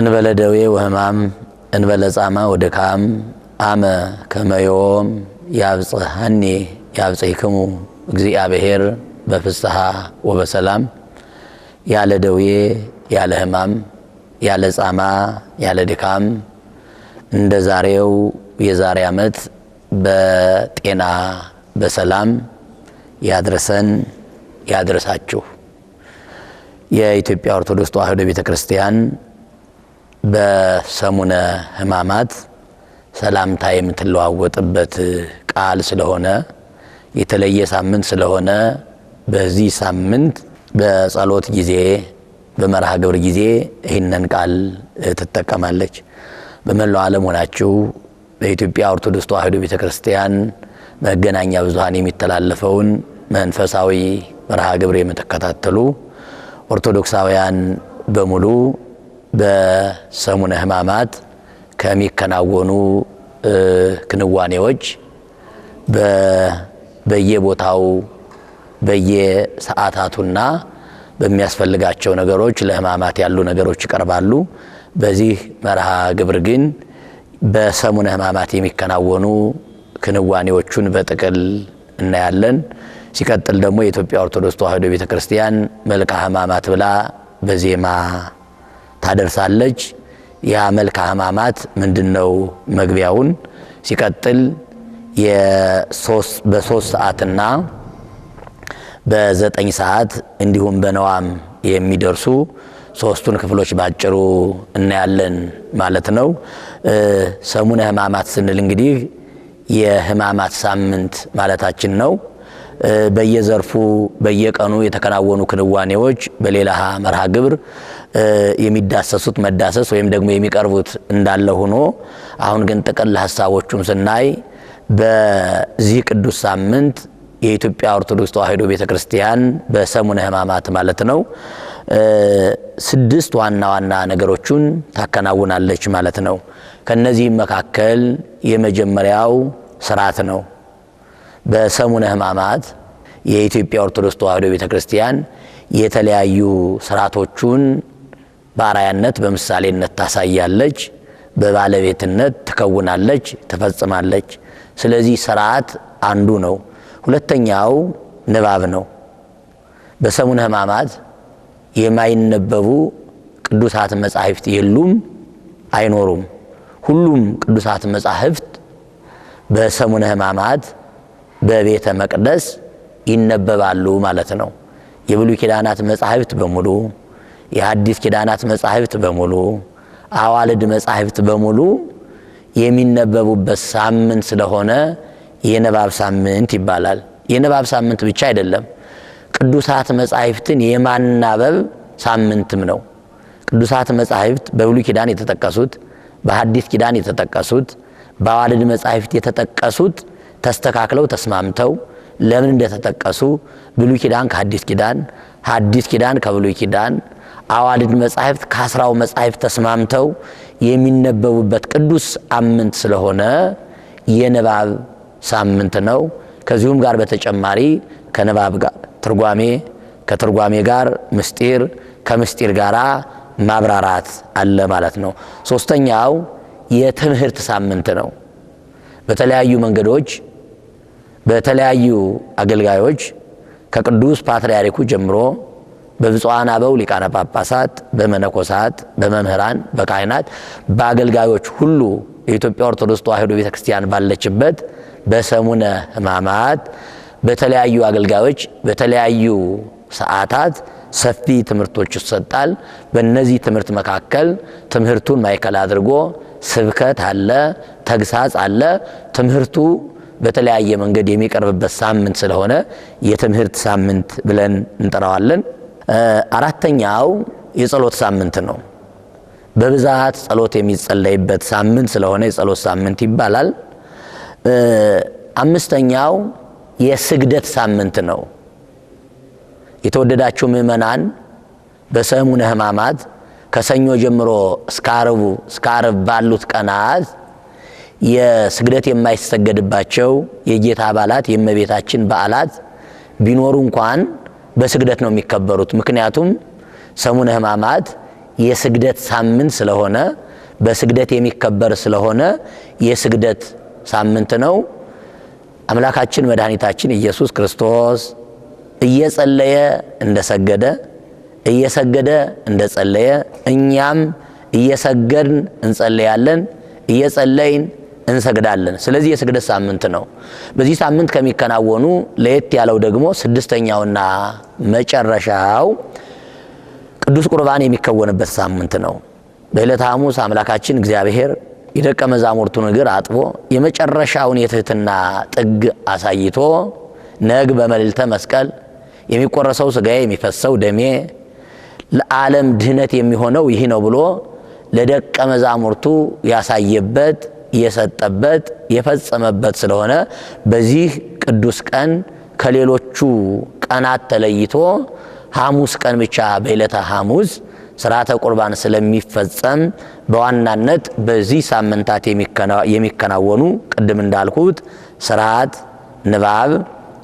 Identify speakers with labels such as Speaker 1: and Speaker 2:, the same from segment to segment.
Speaker 1: እንበለ ደዌ ወህማም እንበለ ጻማ ወድካም አመ ከመዮም ያብጽሐኒ ያብጽሕክሙ እግዚአብሔር በፍስሐ ወበሰላም ያለ ደዌ ያለ ህማም ያለ ጻማ ያለ ድካም እንደ ዛሬው የዛሬ ዓመት በጤና በሰላም ያድረሰን ያድረሳችሁ። የኢትዮጵያ ኦርቶዶክስ ተዋሕዶ ቤተ ክርስቲያን በሰሙነ ሕማማት ሰላምታ የምትለዋወጥበት ቃል ስለሆነ የተለየ ሳምንት ስለሆነ በዚህ ሳምንት በጸሎት ጊዜ በመርሃ ግብር ጊዜ ይህንን ቃል ትጠቀማለች። በመላው ዓለም ሆናችሁ በኢትዮጵያ ኦርቶዶክስ ተዋሕዶ ቤተ ክርስቲያን መገናኛ ብዙኃን የሚተላለፈውን መንፈሳዊ መርሃ ግብር የምትከታተሉ ኦርቶዶክሳውያን በሙሉ በሰሙነ ሕማማት ከሚከናወኑ ክንዋኔዎች በየቦታው በየሰዓታቱና በሚያስፈልጋቸው ነገሮች ለሕማማት ያሉ ነገሮች ይቀርባሉ። በዚህ መርሃ ግብር ግን በሰሙነ ሕማማት የሚከናወኑ ክንዋኔዎቹን በጥቅል እናያለን። ሲቀጥል ደግሞ የኢትዮጵያ ኦርቶዶክስ ተዋሕዶ ቤተ ክርስቲያን መልክአ ሕማማት ብላ በዜማ ታደርሳለች። ያ መልክአ ሕማማት ምንድነው? መግቢያውን ሲቀጥል በሶስት ሰዓትና በዘጠኝ ሰዓት እንዲሁም በነዋም የሚደርሱ ሶስቱን ክፍሎች ባጭሩ እናያለን ማለት ነው። ሰሙነ ሕማማት ስንል እንግዲህ የሕማማት ሳምንት ማለታችን ነው። በየዘርፉ በየቀኑ የተከናወኑ ክንዋኔዎች በሌላ መርሃ ግብር የሚዳሰሱት መዳሰስ ወይም ደግሞ የሚቀርቡት እንዳለ ሆኖ አሁን ግን ጥቅል ሀሳቦቹም ስናይ በዚህ ቅዱስ ሳምንት የኢትዮጵያ ኦርቶዶክስ ተዋሕዶ ቤተ ክርስቲያን በሰሙነ ሕማማት ማለት ነው ስድስት ዋና ዋና ነገሮቹን ታከናውናለች ማለት ነው። ከነዚህም መካከል የመጀመሪያው ስርዓት ነው። በሰሙነ ሕማማት የኢትዮጵያ ኦርቶዶክስ ተዋሕዶ ቤተ ክርስቲያን የተለያዩ ስርዓቶቹን በአራያነት በምሳሌነት ታሳያለች፣ በባለቤትነት ትከውናለች፣ ትፈጽማለች። ስለዚህ ስርዓት አንዱ ነው። ሁለተኛው ንባብ ነው። በሰሙነ ሕማማት የማይነበቡ ቅዱሳት መጻሕፍት የሉም፣ አይኖሩም። ሁሉም ቅዱሳት መጻሕፍት በሰሙነ ሕማማት በቤተ መቅደስ ይነበባሉ ማለት ነው። የብሉይ ኪዳናት መጻሕፍት በሙሉ የሐዲስ ኪዳናት መጻሕፍት በሙሉ አዋልድ መጻሕፍት በሙሉ የሚነበቡበት ሳምንት ስለሆነ የንባብ ሳምንት ይባላል። የንባብ ሳምንት ብቻ አይደለም፣ ቅዱሳት መጻሕፍትን የማናበብ ሳምንትም ነው። ቅዱሳት መጻሕፍት በብሉይ ኪዳን የተጠቀሱት፣ በሐዲስ ኪዳን የተጠቀሱት፣ በአዋልድ መጻሕፍት የተጠቀሱት ተስተካክለው ተስማምተው ለምን እንደተጠቀሱ ብሉይ ኪዳን ከሐዲስ ኪዳን፣ ሐዲስ ኪዳን ከብሉይ ኪዳን፣ አዋልድ መጻሕፍት ከአስራው መጻሕፍት ተስማምተው የሚነበቡበት ቅዱስ ሳምንት ስለሆነ የንባብ ሳምንት ነው። ከዚሁም ጋር በተጨማሪ ከንባብ ጋር ትርጓሜ፣ ከትርጓሜ ጋር ምስጢር፣ ከምስጢር ጋር ማብራራት አለ ማለት ነው። ሶስተኛው የትምህርት ሳምንት ነው። በተለያዩ መንገዶች በተለያዩ አገልጋዮች ከቅዱስ ፓትርያርኩ ጀምሮ በብፁዓን አበው ሊቃነ ጳጳሳት፣ በመነኮሳት፣ በመምህራን፣ በካህናት፣ በአገልጋዮች ሁሉ የኢትዮጵያ ኦርቶዶክስ ተዋሕዶ ቤተ ክርስቲያን ባለችበት በሰሙነ ሕማማት በተለያዩ አገልጋዮች በተለያዩ ሰዓታት ሰፊ ትምህርቶች ይሰጣል። በእነዚህ ትምህርት መካከል ትምህርቱን ማዕከል አድርጎ ስብከት አለ፣ ተግሳጽ አለ። ትምህርቱ በተለያየ መንገድ የሚቀርብበት ሳምንት ስለሆነ የትምህርት ሳምንት ብለን እንጠራዋለን። አራተኛው የጸሎት ሳምንት ነው። በብዛት ጸሎት የሚጸለይበት ሳምንት ስለሆነ የጸሎት ሳምንት ይባላል። አምስተኛው የስግደት ሳምንት ነው። የተወደዳችሁ ምእመናን በሰሙነ ሕማማት ከሰኞ ጀምሮ እስከ ዓርብ ባሉት ቀናት የስግደት የማይሰገድባቸው የጌታ አባላት የእመቤታችን በዓላት ቢኖሩ እንኳን በስግደት ነው የሚከበሩት። ምክንያቱም ሰሙነ ሕማማት የስግደት ሳምንት ስለሆነ በስግደት የሚከበር ስለሆነ የስግደት ሳምንት ነው። አምላካችን መድኃኒታችን ኢየሱስ ክርስቶስ እየጸለየ እንደሰገደ እየሰገደ እንደጸለየ እኛም እየሰገድን እንጸለያለን እየጸለይን እንሰግዳለን። ስለዚህ የስግደት ሳምንት ነው። በዚህ ሳምንት ከሚከናወኑ ለየት ያለው ደግሞ ስድስተኛውና መጨረሻው ቅዱስ ቁርባን የሚከወንበት ሳምንት ነው። በዕለተ ሐሙስ አምላካችን እግዚአብሔር የደቀ መዛሙርቱን እግር አጥቦ የመጨረሻውን የትህትና ጥግ አሳይቶ ነግ በመልዕልተ መስቀል የሚቆረሰው ስጋዬ የሚፈሰው ደሜ ለዓለም ድህነት የሚሆነው ይህ ነው ብሎ ለደቀ መዛሙርቱ ያሳየበት የሰጠበት የፈጸመበት ስለሆነ በዚህ ቅዱስ ቀን ከሌሎቹ ቀናት ተለይቶ ሐሙስ ቀን ብቻ በዕለተ ሐሙስ ስርዓተ ቁርባን ስለሚፈጸም በዋናነት በዚህ ሳምንታት የሚከናወኑ ቅድም እንዳልኩት ስርዓት፣ ንባብ፣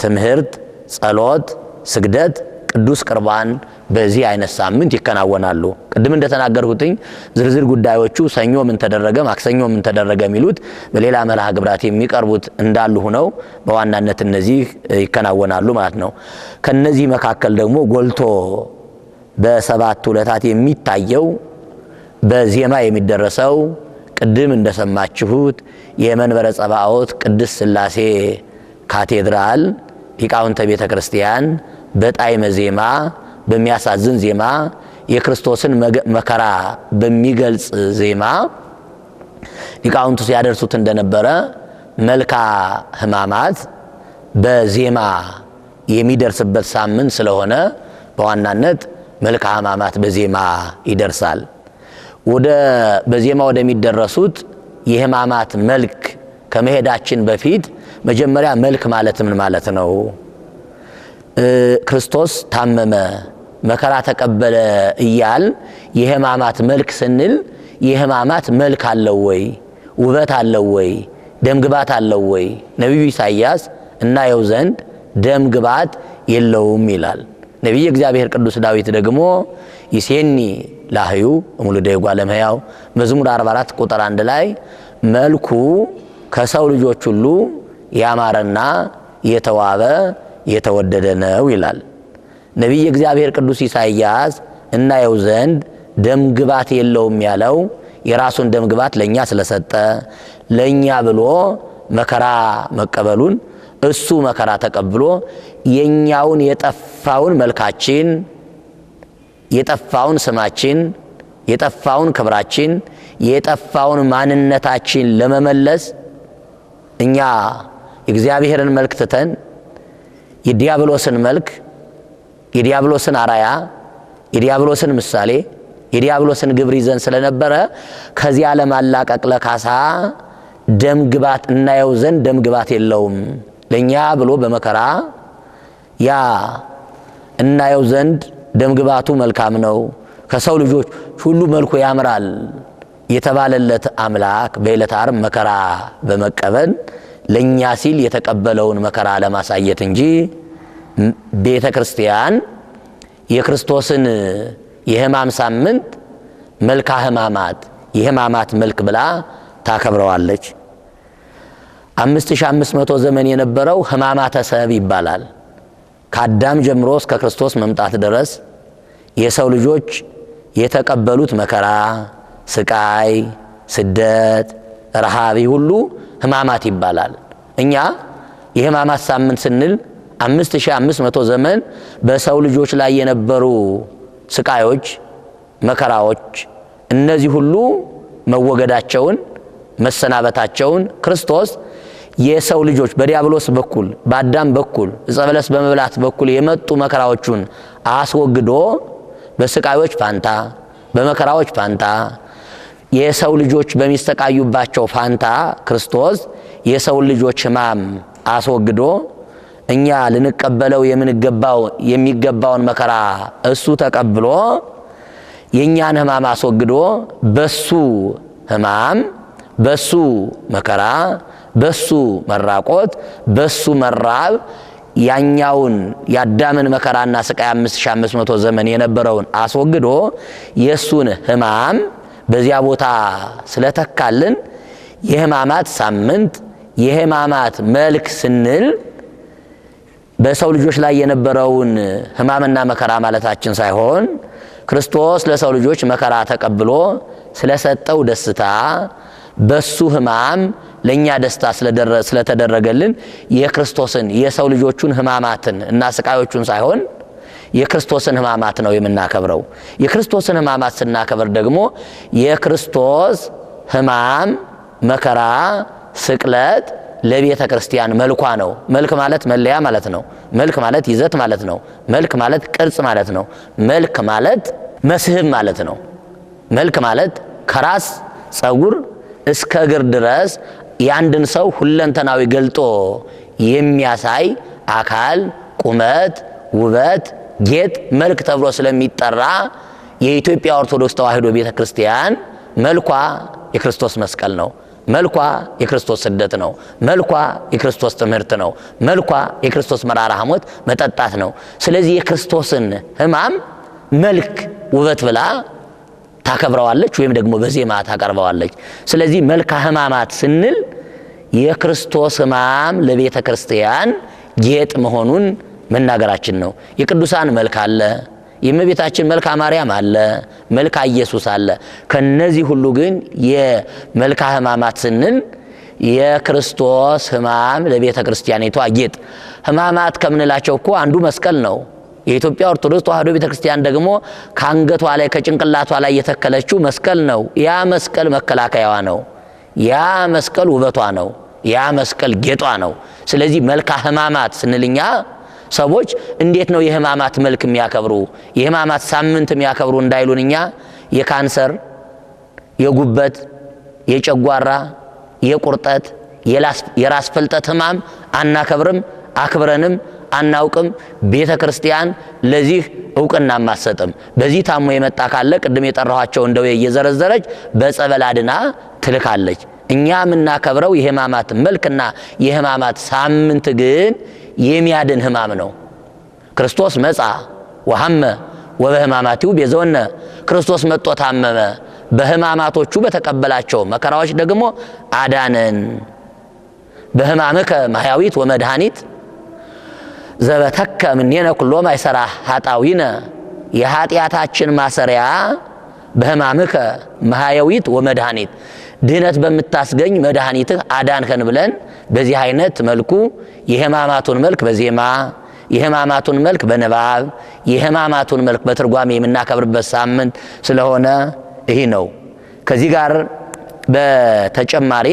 Speaker 1: ትምህርት፣ ጸሎት፣ ስግደት ቅዱስ ቅርባን በዚህ አይነት ሳምንት ይከናወናሉ። ቅድም እንደተናገርኩትኝ ዝርዝር ጉዳዮቹ ሰኞ ምን ተደረገ፣ ማክሰኞ ምን ተደረገ የሚሉት በሌላ መርሃ ግብራት የሚቀርቡት እንዳሉ ሆነው በዋናነት እነዚህ ይከናወናሉ ማለት ነው። ከነዚህ መካከል ደግሞ ጎልቶ በሰባት ዕለታት የሚታየው በዜማ የሚደረሰው ቅድም እንደሰማችሁት የመንበረ ጸባዖት ቅድስት ሥላሴ ካቴድራል ሊቃውንተ ቤተ ክርስቲያን በጣዕመ ዜማ በሚያሳዝን ዜማ የክርስቶስን መከራ በሚገልጽ ዜማ ሊቃውንቱ ሲያደርሱት እንደነበረ መልካ ሕማማት በዜማ የሚደርስበት ሳምንት ስለሆነ በዋናነት መልካ ሕማማት በዜማ ይደርሳል። ወደ በዜማ ወደሚደረሱት የሕማማት መልክ ከመሄዳችን በፊት መጀመሪያ መልክ ማለት ምን ማለት ነው? ክርስቶስ ታመመ፣ መከራ ተቀበለ እያል የህማማት መልክ ስንል የህማማት መልክ አለው ወይ? ውበት አለው ወይ? ደምግባት አለው ወይ? ነቢዩ ኢሳይያስ እናየው ዘንድ ደምግባት የለውም ይላል። ነቢይ እግዚአብሔር ቅዱስ ዳዊት ደግሞ ይሴኒ ላህዩ እሙሉደ ጓለም መዝሙር 44 ቁጥር አንድ ላይ መልኩ ከሰው ልጆች ሁሉ ያማረና የተዋበ የተወደደ ነው ይላል ነቢይ እግዚአብሔር ቅዱስ ኢሳይያስ እናየው ዘንድ ደም ግባት የለውም ያለው የራሱን ደም ግባት ለእኛ ስለሰጠ ለእኛ ብሎ መከራ መቀበሉን እሱ መከራ ተቀብሎ የእኛውን የጠፋውን መልካችን የጠፋውን ስማችን የጠፋውን ክብራችን የጠፋውን ማንነታችን ለመመለስ እኛ የእግዚአብሔርን መልክ ትተን የዲያብሎስን መልክ፣ የዲያብሎስን አራያ፣ የዲያብሎስን ምሳሌ፣ የዲያብሎስን ግብር ይዘን ስለነበረ ከዚህ ዓለም አላቀቅ ለካሳ ደም ግባት እናየው ዘንድ ደም ግባት የለውም ለእኛ ብሎ በመከራ ያ እናየው ዘንድ ደም ግባቱ መልካም ነው ከሰው ልጆች ሁሉ መልኩ ያምራል የተባለለት አምላክ በዕለተ ዓርብ መከራ በመቀበል ለእኛ ሲል የተቀበለውን መከራ ለማሳየት እንጂ ቤተ ክርስቲያን የክርስቶስን የሕማም ሳምንት መልካ ሕማማት የሕማማት መልክ ብላ ታከብረዋለች። አምስት አምስት መቶ ዘመን የነበረው ሕማማተ ሰብ ይባላል። ከአዳም ጀምሮ እስከ ክርስቶስ መምጣት ድረስ የሰው ልጆች የተቀበሉት መከራ፣ ስቃይ፣ ስደት ረሃቢ ሁሉ ህማማት ይባላል። እኛ የህማማት ሳምንት ስንል 5500 ዘመን በሰው ልጆች ላይ የነበሩ ስቃዮች፣ መከራዎች እነዚህ ሁሉ መወገዳቸውን መሰናበታቸውን ክርስቶስ የሰው ልጆች በዲያብሎስ በኩል በአዳም በኩል ዕፀ በለስ በመብላት በኩል የመጡ መከራዎቹን አስወግዶ በስቃዮች ፋንታ በመከራዎች ፋንታ የሰው ልጆች በሚሰቃዩባቸው ፋንታ ክርስቶስ የሰውን ልጆች ሕማም አስወግዶ እኛ ልንቀበለው የምንገባው የሚገባውን መከራ እሱ ተቀብሎ የእኛን ሕማም አስወግዶ በሱ ሕማም በሱ መከራ በሱ መራቆት በሱ መራብ ያኛውን የአዳምን መከራና ስቃይ 5500 ዘመን የነበረውን አስወግዶ የእሱን ሕማም በዚያ ቦታ ስለተካልን የሕማማት ሳምንት የሕማማት መልክ ስንል በሰው ልጆች ላይ የነበረውን ሕማምና መከራ ማለታችን ሳይሆን ክርስቶስ ለሰው ልጆች መከራ ተቀብሎ ስለሰጠው ደስታ በሱ ሕማም ለእኛ ደስታ ስለተደረገልን የክርስቶስን የሰው ልጆቹን ሕማማትን እና ስቃዮቹን ሳይሆን የክርስቶስን ሕማማት ነው የምናከብረው። የክርስቶስን ሕማማት ስናከብር ደግሞ የክርስቶስ ሕማም፣ መከራ፣ ስቅለት ለቤተ ክርስቲያን መልኳ ነው። መልክ ማለት መለያ ማለት ነው። መልክ ማለት ይዘት ማለት ነው። መልክ ማለት ቅርጽ ማለት ነው። መልክ ማለት መስህብ ማለት ነው። መልክ ማለት ከራስ ጸጉር እስከ እግር ድረስ የአንድን ሰው ሁለንተናዊ ገልጦ የሚያሳይ አካል፣ ቁመት፣ ውበት ጌጥ መልክ ተብሎ ስለሚጠራ የኢትዮጵያ ኦርቶዶክስ ተዋሕዶ ቤተ ክርስቲያን መልኳ የክርስቶስ መስቀል ነው። መልኳ የክርስቶስ ስደት ነው። መልኳ የክርስቶስ ትምህርት ነው። መልኳ የክርስቶስ መራራ ሐሞት መጠጣት ነው። ስለዚህ የክርስቶስን ሕማም መልክ ውበት ብላ ታከብረዋለች ወይም ደግሞ በዜማ ታቀርበዋለች። ስለዚህ መልካ ሕማማት ስንል የክርስቶስ ሕማም ለቤተ ክርስቲያን ጌጥ መሆኑን መናገራችን ነው። የቅዱሳን መልክ አለ፣ የእመቤታችን መልካ ማርያም አለ፣ መልካ ኢየሱስ አለ። ከነዚህ ሁሉ ግን የመልካ ሕማማት ስንል የክርስቶስ ሕማም ለቤተ ክርስቲያኒቷ ጌጥ። ሕማማት ከምንላቸው እኮ አንዱ መስቀል ነው። የኢትዮጵያ ኦርቶዶክስ ተዋሕዶ ቤተ ክርስቲያን ደግሞ ከአንገቷ ላይ ከጭንቅላቷ ላይ የተከለችው መስቀል ነው። ያ መስቀል መከላከያዋ ነው። ያ መስቀል ውበቷ ነው። ያ መስቀል ጌጧ ነው። ስለዚህ መልካ ሕማማት ስንልኛ ሰዎች እንዴት ነው የህማማት መልክ የሚያከብሩ የህማማት ሳምንት የሚያከብሩ እንዳይሉን እኛ የካንሰር፣ የጉበት፣ የጨጓራ፣ የቁርጠት፣ የራስ ፍልጠት ህማም አናከብርም፣ አክብረንም አናውቅም። ቤተ ክርስቲያን ለዚህ እውቅና ማሰጥም በዚህ ታሞ የመጣ ካለ ቅድም የጠራኋቸውን ደዌ እየዘረዘረች በጸበል አድና ትልካለች። እኛ የምናከብረው የህማማት መልክና የህማማት ሳምንት ግን የሚያድን ህማም ነው። ክርስቶስ መጻ ወሐመ ወበህማማቲው ቤዘወነ ክርስቶስ መጦ ታመመ፣ በህማማቶቹ በተቀበላቸው መከራዎች ደግሞ አዳነን። በህማምከ ማሕያዊት ወመድኃኒት ዘበተከ እምኔነ ኩሎ ማይሰራ ኃጣዊነ የኃጢአታችን ማሰሪያ በህማምከ ማሕያዊት ወመድኃኒት ድህነት በምታስገኝ መድኃኒትህ አዳንከን ብለን በዚህ አይነት መልኩ የህማማቱን መልክ በዜማ የህማማቱን መልክ በንባብ የህማማቱን መልክ በትርጓሜ የምናከብርበት ሳምንት ስለሆነ ይህ ነው። ከዚህ ጋር በተጨማሪ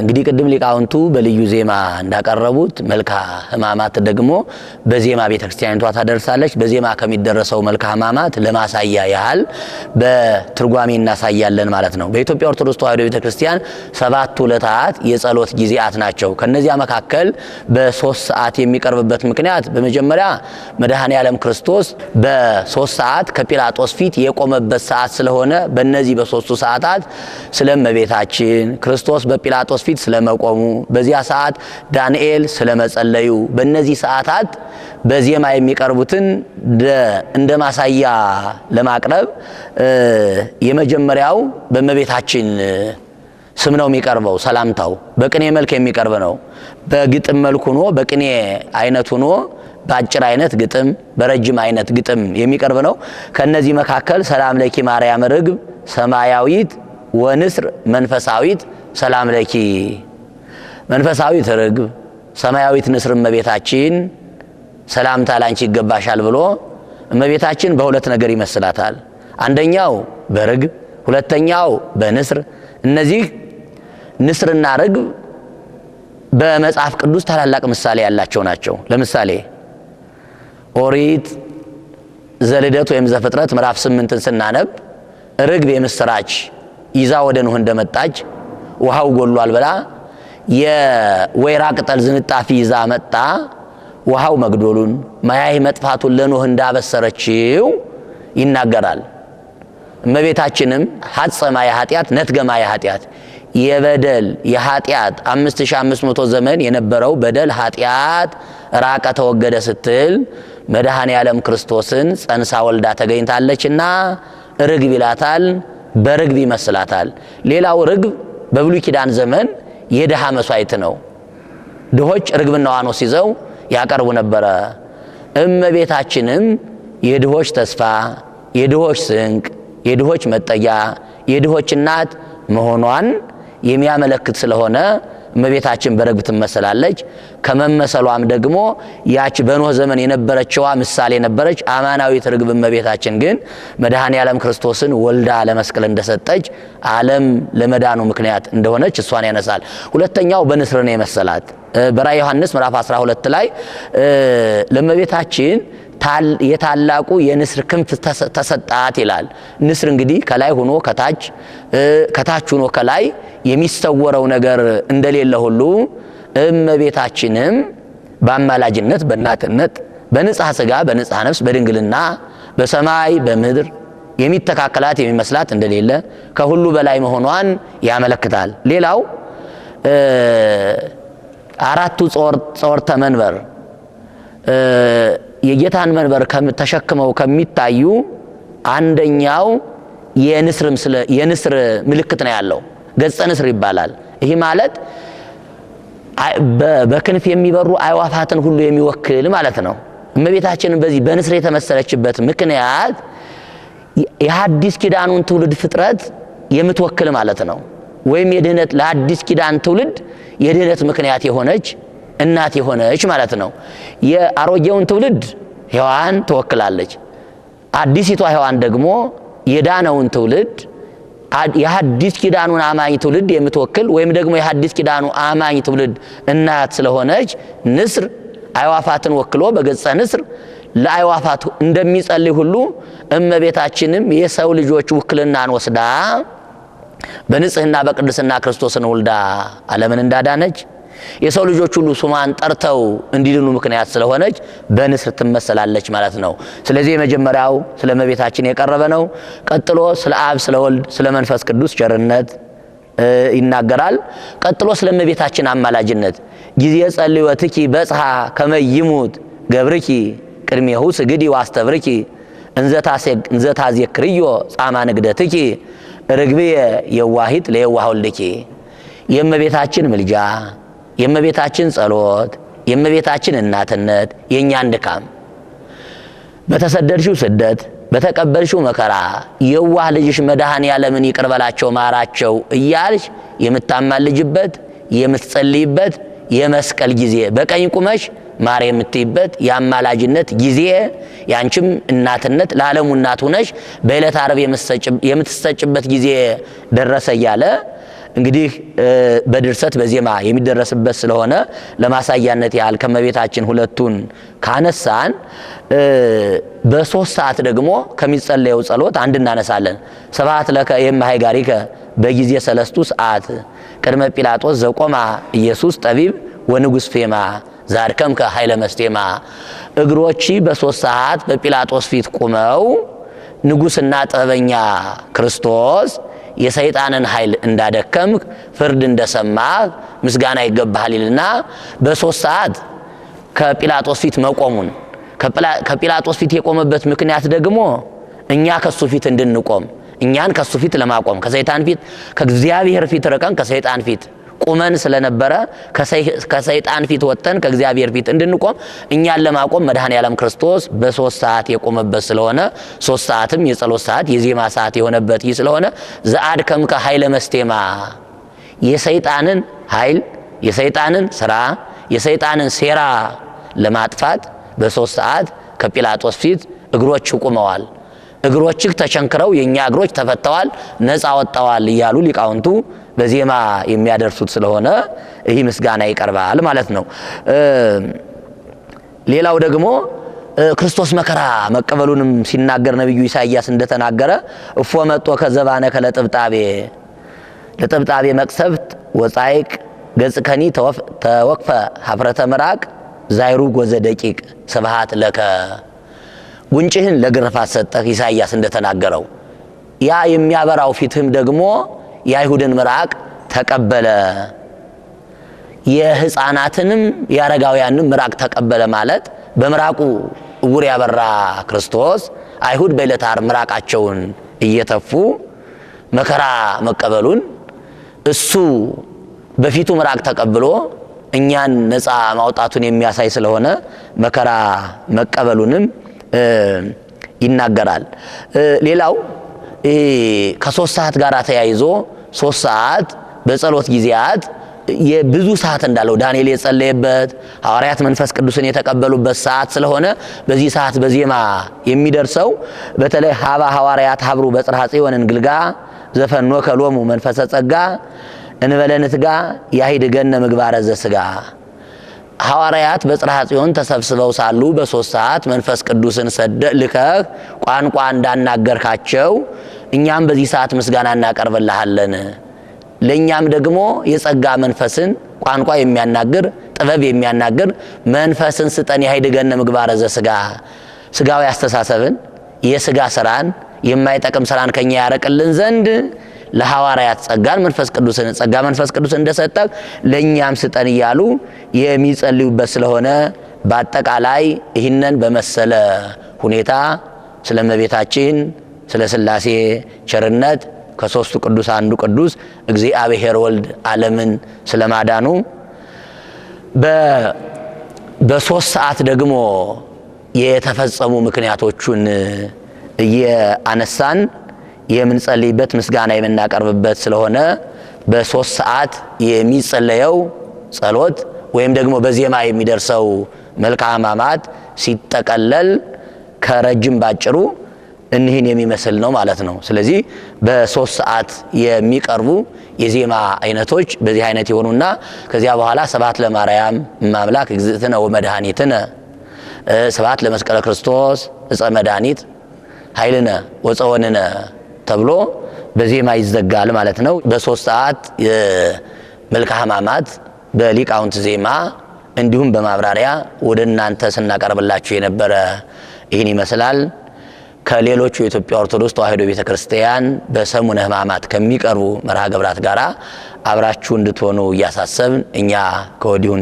Speaker 1: እንግዲህ ቅድም ሊቃውንቱ በልዩ ዜማ እንዳቀረቡት መልካ ሕማማት ደግሞ በዜማ ቤተ ክርስቲያኒቷ ታደርሳለች። በዜማ ከሚደረሰው መልካ ሕማማት ለማሳያ ያህል በትርጓሜ እናሳያለን ማለት ነው። በኢትዮጵያ ኦርቶዶክስ ተዋሕዶ ቤተ ክርስቲያን ሰባቱ ዕለታት የጸሎት ጊዜያት ናቸው። ከነዚያ መካከል በሶስት ሰዓት የሚቀርብበት ምክንያት በመጀመሪያ መድኃኔ ዓለም ክርስቶስ በሶስት ሰዓት ከጲላጦስ ፊት የቆመበት ሰዓት ስለሆነ በእነዚህ በሶስቱ ሰዓታት ስለእመቤታችን ክርስቶስ በጲላ በጲላጦስ ፊት ስለመቆሙ፣ በዚያ ሰዓት ዳንኤል ስለመጸለዩ፣ በእነዚህ ሰዓታት በዜማ የሚቀርቡትን እንደ ማሳያ ለማቅረብ የመጀመሪያው በእመቤታችን ስም ነው የሚቀርበው። ሰላምታው በቅኔ መልክ የሚቀርብ ነው። በግጥም መልክ ሆኖ በቅኔ አይነት ሆኖ በአጭር አይነት ግጥም በረጅም አይነት ግጥም የሚቀርብ ነው። ከነዚህ መካከል ሰላም ለኪ ማርያም ርግብ ሰማያዊት ወንስር መንፈሳዊት ሰላም ለኪ መንፈሳዊት ርግብ ሰማያዊት ንስር እመቤታችን ሰላምታ ላንቺ ይገባሻል ብሎ እመቤታችን በሁለት ነገር ይመስላታል። አንደኛው በርግብ ሁለተኛው በንስር። እነዚህ ንስርና ርግብ በመጽሐፍ ቅዱስ ታላላቅ ምሳሌ ያላቸው ናቸው። ለምሳሌ ኦሪት ዘልደት ወይም ዘፍጥረት ምዕራፍ ስምንትን ስናነብ ርግብ የምስራች ይዛ ወደ ኖህ እንደመጣች ውሃው ጎሏል ብላ የወይራ ቅጠል ዝንጣፊ ይዛ መጣ። ውሃው መግዶሉን ማያይ መጥፋቱን ለኖህ እንዳበሰረችው ይናገራል። እመቤታችንም ሀጸማ የኃጢአት ነትገማ የኃጢአት የበደል የኃጢአት 5500 ዘመን የነበረው በደል ኃጢአት ራቀ ተወገደ ስትል መድኃኔ ዓለም ክርስቶስን ጸንሳ ወልዳ ተገኝታለችና ርግብ ይላታል። በርግብ ይመስላታል። ሌላው ርግብ በብሉይ ኪዳን ዘመን የድሃ መስዋዕት ነው። ድሆች ርግብና ዋኖስ ያቀርቡ ነበረ። እመቤታችንም የድሆች ተስፋ፣ የድሆች ስንቅ፣ የድሆች መጠጊያ፣ የድሆች እናት መሆኗን የሚያመለክት ስለሆነ እመቤታችን በረግብ ትመሰላለች። ከመመሰሏም ደግሞ ያች በኖህ ዘመን የነበረችዋ ምሳሌ ነበረች። አማናዊት ርግብ እመቤታችን ግን መድኃኔ ዓለም ክርስቶስን ወልዳ ለመስቀል እንደሰጠች ዓለም ለመዳኑ ምክንያት እንደሆነች እሷን ያነሳል። ሁለተኛው በንስር ነው የመሰላት በራእየ ዮሐንስ ምዕራፍ 12 ላይ ለእመቤታችን የታላቁ የንስር ክንፍ ተሰጣት ይላል። ንስር እንግዲህ ከላይ ሆኖ ከታች ከታች ሆኖ ከላይ የሚሰወረው ነገር እንደሌለ ሁሉ እመቤታችንም በአማላጅነት በእናትነት በንጽሐ ስጋ በንጽሐ ነፍስ በድንግልና በሰማይ በምድር የሚተካከላት የሚመስላት እንደሌለ ከሁሉ በላይ መሆኗን ያመለክታል። ሌላው አራቱ ጾርተ መንበር የጌታን መንበር ተሸክመው ከሚታዩ አንደኛው የንስር ምልክት ነው ያለው፣ ገጸ ንስር ይባላል። ይህ ማለት በክንፍ የሚበሩ አዕዋፋትን ሁሉ የሚወክል ማለት ነው። እመቤታችንን በዚህ በንስር የተመሰለችበት ምክንያት የሐዲስ ኪዳኑን ትውልድ ፍጥረት የምትወክል ማለት ነው። ወይም የድህነት ለአዲስ ኪዳን ትውልድ የድህነት ምክንያት የሆነች እናት የሆነች ማለት ነው። የአሮጌውን ትውልድ ሔዋን ትወክላለች። አዲሲቷ ሔዋን ደግሞ የዳነውን ትውልድ የሐዲስ ኪዳኑን አማኝ ትውልድ የምትወክል ወይም ደግሞ የሐዲስ ኪዳኑ አማኝ ትውልድ እናት ስለሆነች ንስር አይዋፋትን ወክሎ በገጸ ንስር ለአይዋፋት እንደሚጸልይ ሁሉ እመቤታችንም የሰው ልጆች ውክልናን ወስዳ በንጽህና በቅድስና ክርስቶስን ውልዳ ዓለምን እንዳዳነች የሰው ልጆች ሁሉ ስሟን ጠርተው እንዲድኑ ምክንያት ስለሆነች በንስር ትመሰላለች ማለት ነው። ስለዚህ የመጀመሪያው ስለ እመቤታችን የቀረበ ነው። ቀጥሎ ስለ አብ፣ ስለ ወልድ፣ ስለ መንፈስ ቅዱስ ቸርነት ይናገራል። ቀጥሎ ስለ እመቤታችን አማላጅነት ጊዜ ጸልወትኪ በጽሐ ከመይሙት ገብርኪ ቅድሜሁ ስግዲ ዋስተብርኪ እንዘታ ዜክርዮ ጻማ ንግደትኪ ርግብየ የዋሂት ለየዋህ ወልድኪ የእመቤታችን ምልጃ የእመቤታችን ጸሎት፣ የእመቤታችን እናትነት የእኛን ድካም በተሰደድሽው ስደት በተቀበልሽው መከራ የዋህ ልጅሽ መድኃኔ ዓለምን ይቅር በላቸው ማራቸው እያልሽ የምታማልጅበት የምትጸልይበት የመስቀል ጊዜ በቀኝ ቁመሽ ማር የምትይበት የአማላጅነት ጊዜ ያንቺም እናትነት ለዓለሙ እናት ሁነሽ በዕለት ዓርብ የምትሰጭበት ጊዜ ደረሰ እያለ እንግዲህ በድርሰት በዜማ የሚደረስበት ስለሆነ ለማሳያነት ያህል ከመቤታችን ሁለቱን ካነሳን በሶስት ሰዓት ደግሞ ከሚጸለየው ጸሎት አንድ እናነሳለን። ስብሐት ለከ የማሃይ ጋሪከ በጊዜ ሰለስቱ ሰዓት ቅድመ ጲላጦስ ዘቆማ ኢየሱስ ጠቢብ ወንጉስ ፌማ ዛድከምከ ኃይለ መስቴማ እግሮቺ በሶስት ሰዓት በጲላጦስ ፊት ቁመው ንጉሥና ጥበበኛ ክርስቶስ የሰይጣንን ኃይል እንዳደከምክ ፍርድ እንደሰማ ምስጋና ይገባሃል ይልና በሶስት ሰዓት ከጲላጦስ ፊት መቆሙን ከጲላጦስ ፊት የቆመበት ምክንያት ደግሞ እኛ ከሱ ፊት እንድንቆም እኛን ከሱ ፊት ለማቆም ከሰይጣን ፊት ከእግዚአብሔር ፊት ርቀን ከሰይጣን ፊት ቁመን ስለነበረ ከሰይጣን ፊት ወጥተን ከእግዚአብሔር ፊት እንድንቆም እኛን ለማቆም መድኃኔ ዓለም ክርስቶስ በሶስት ሰዓት የቆመበት ስለሆነ ሶስት ሰዓትም የጸሎት ሰዓት የዜማ ሰዓት የሆነበት ይህ ስለሆነ ከምከ ከኃይለ መስቴማ የሰይጣንን ኃይል የሰይጣንን ስራ የሰይጣንን ሴራ ለማጥፋት በሶስት ሰዓት ከጲላጦስ ፊት እግሮች ቁመዋል። እግሮችህ ተቸንክረው የእኛ እግሮች ተፈተዋል፣ ነፃ ወጥተዋል እያሉ ሊቃውንቱ በዜማ የሚያደርሱት ስለሆነ ይህ ምስጋና ይቀርባል ማለት ነው። ሌላው ደግሞ ክርስቶስ መከራ መቀበሉንም ሲናገር ነቢዩ ኢሳይያስ እንደተናገረ እፎ መጦ ከዘባነከ ለጥብጣቤ ለጥብጣቤ መቅሰፍት ወጻይቅ ገጽከኒ ተወቅፈ ሀፍረተ ምራቅ ዛይሩ ጎዘ ደቂቅ ስብሃት ለከ ጉንጭህን ለግርፋት ሰጠህ ኢሳይያስ እንደተናገረው ያ የሚያበራው ፊትህም ደግሞ የአይሁድን ምራቅ ተቀበለ። የህፃናትንም የአረጋውያንም ምራቅ ተቀበለ ማለት በምራቁ እውር ያበራ ክርስቶስ አይሁድ በዕለተ ዓርብ ምራቃቸውን እየተፉ መከራ መቀበሉን እሱ በፊቱ ምራቅ ተቀብሎ እኛን ነፃ ማውጣቱን የሚያሳይ ስለሆነ መከራ መቀበሉንም ይናገራል። ሌላው ከሶስት ሰዓት ጋር ተያይዞ ሶስት ሰዓት በጸሎት ጊዜያት የብዙ ሰዓት እንዳለው ዳንኤል የጸለየበት ሐዋርያት መንፈስ ቅዱስን የተቀበሉበት ሰዓት ስለሆነ በዚህ ሰዓት በዜማ የሚደርሰው በተለይ ሀባ ሐዋርያት ሀብሩ በጽርሐ ጽዮንን ግልጋ ዘፈኖ ከሎሙ መንፈሰ ጸጋ እንበለንት ጋ ያሂድ ገነ ምግባረ ዘስጋ ሐዋርያት በጽርሐ ጽዮን ተሰብስበው ሳሉ በሶስት ሰዓት መንፈስ ቅዱስን ሰደ ልከህ ቋንቋ እንዳናገርካቸው እኛም በዚህ ሰዓት ምስጋና እናቀርብልሃለን። ለእኛም ደግሞ የጸጋ መንፈስን ቋንቋ የሚያናግር ጥበብ የሚያናግር መንፈስን ስጠን። የሀይድገነ ምግባረ ዘስጋ ስጋዊ አስተሳሰብን የስጋ ስራን የማይጠቅም ስራን ከኛ ያረቅልን ዘንድ ለሐዋርያት ጸጋን መንፈስ ቅዱስን ጸጋ መንፈስ ቅዱስን እንደሰጠ ለእኛም ስጠን እያሉ የሚጸልዩበት ስለሆነ በአጠቃላይ ይህንን በመሰለ ሁኔታ ስለ እመቤታችን ስለ ስላሴ ቸርነት ከሶስቱ ቅዱስ አንዱ ቅዱስ እግዚአብሔር ወልድ ዓለምን ስለማዳኑ በሶስት ሰዓት ደግሞ የተፈጸሙ ምክንያቶቹን እየአነሳን የምንጸልይበት ምስጋና የምናቀርብበት ስለሆነ በሶስት ሰዓት የሚጸለየው ጸሎት ወይም ደግሞ በዜማ የሚደርሰው መልክአ ሕማማት ሲጠቀለል ከረጅም ባጭሩ እኒህን የሚመስል ነው ማለት ነው። ስለዚህ በሶስት ሰዓት የሚቀርቡ የዜማ አይነቶች በዚህ አይነት የሆኑና ከዚያ በኋላ ሰባት ለማርያም ማምላክ እግዝእትነ ወመድኃኒትነ፣ ሰባት ለመስቀለ ክርስቶስ እፀ መድኃኒት ኃይልነ ወፀወንነ ተብሎ በዜማ ይዘጋል ማለት ነው። በሶስት ሰዓት መልክአ ሕማማት በሊቃውንት ዜማ እንዲሁም በማብራሪያ ወደ እናንተ ስናቀርብላችሁ የነበረ ይህን ይመስላል። ከሌሎቹ የኢትዮጵያ ኦርቶዶክስ ተዋሕዶ ቤተ ክርስቲያን በሰሙነ ሕማማት ከሚቀርቡ መርሃ ግብራት ጋር አብራችሁ እንድትሆኑ እያሳሰብን እኛ ከወዲሁ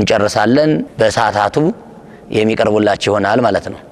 Speaker 1: እንጨርሳለን። በሰዓታቱ የሚቀርቡላችሁ ይሆናል ማለት ነው።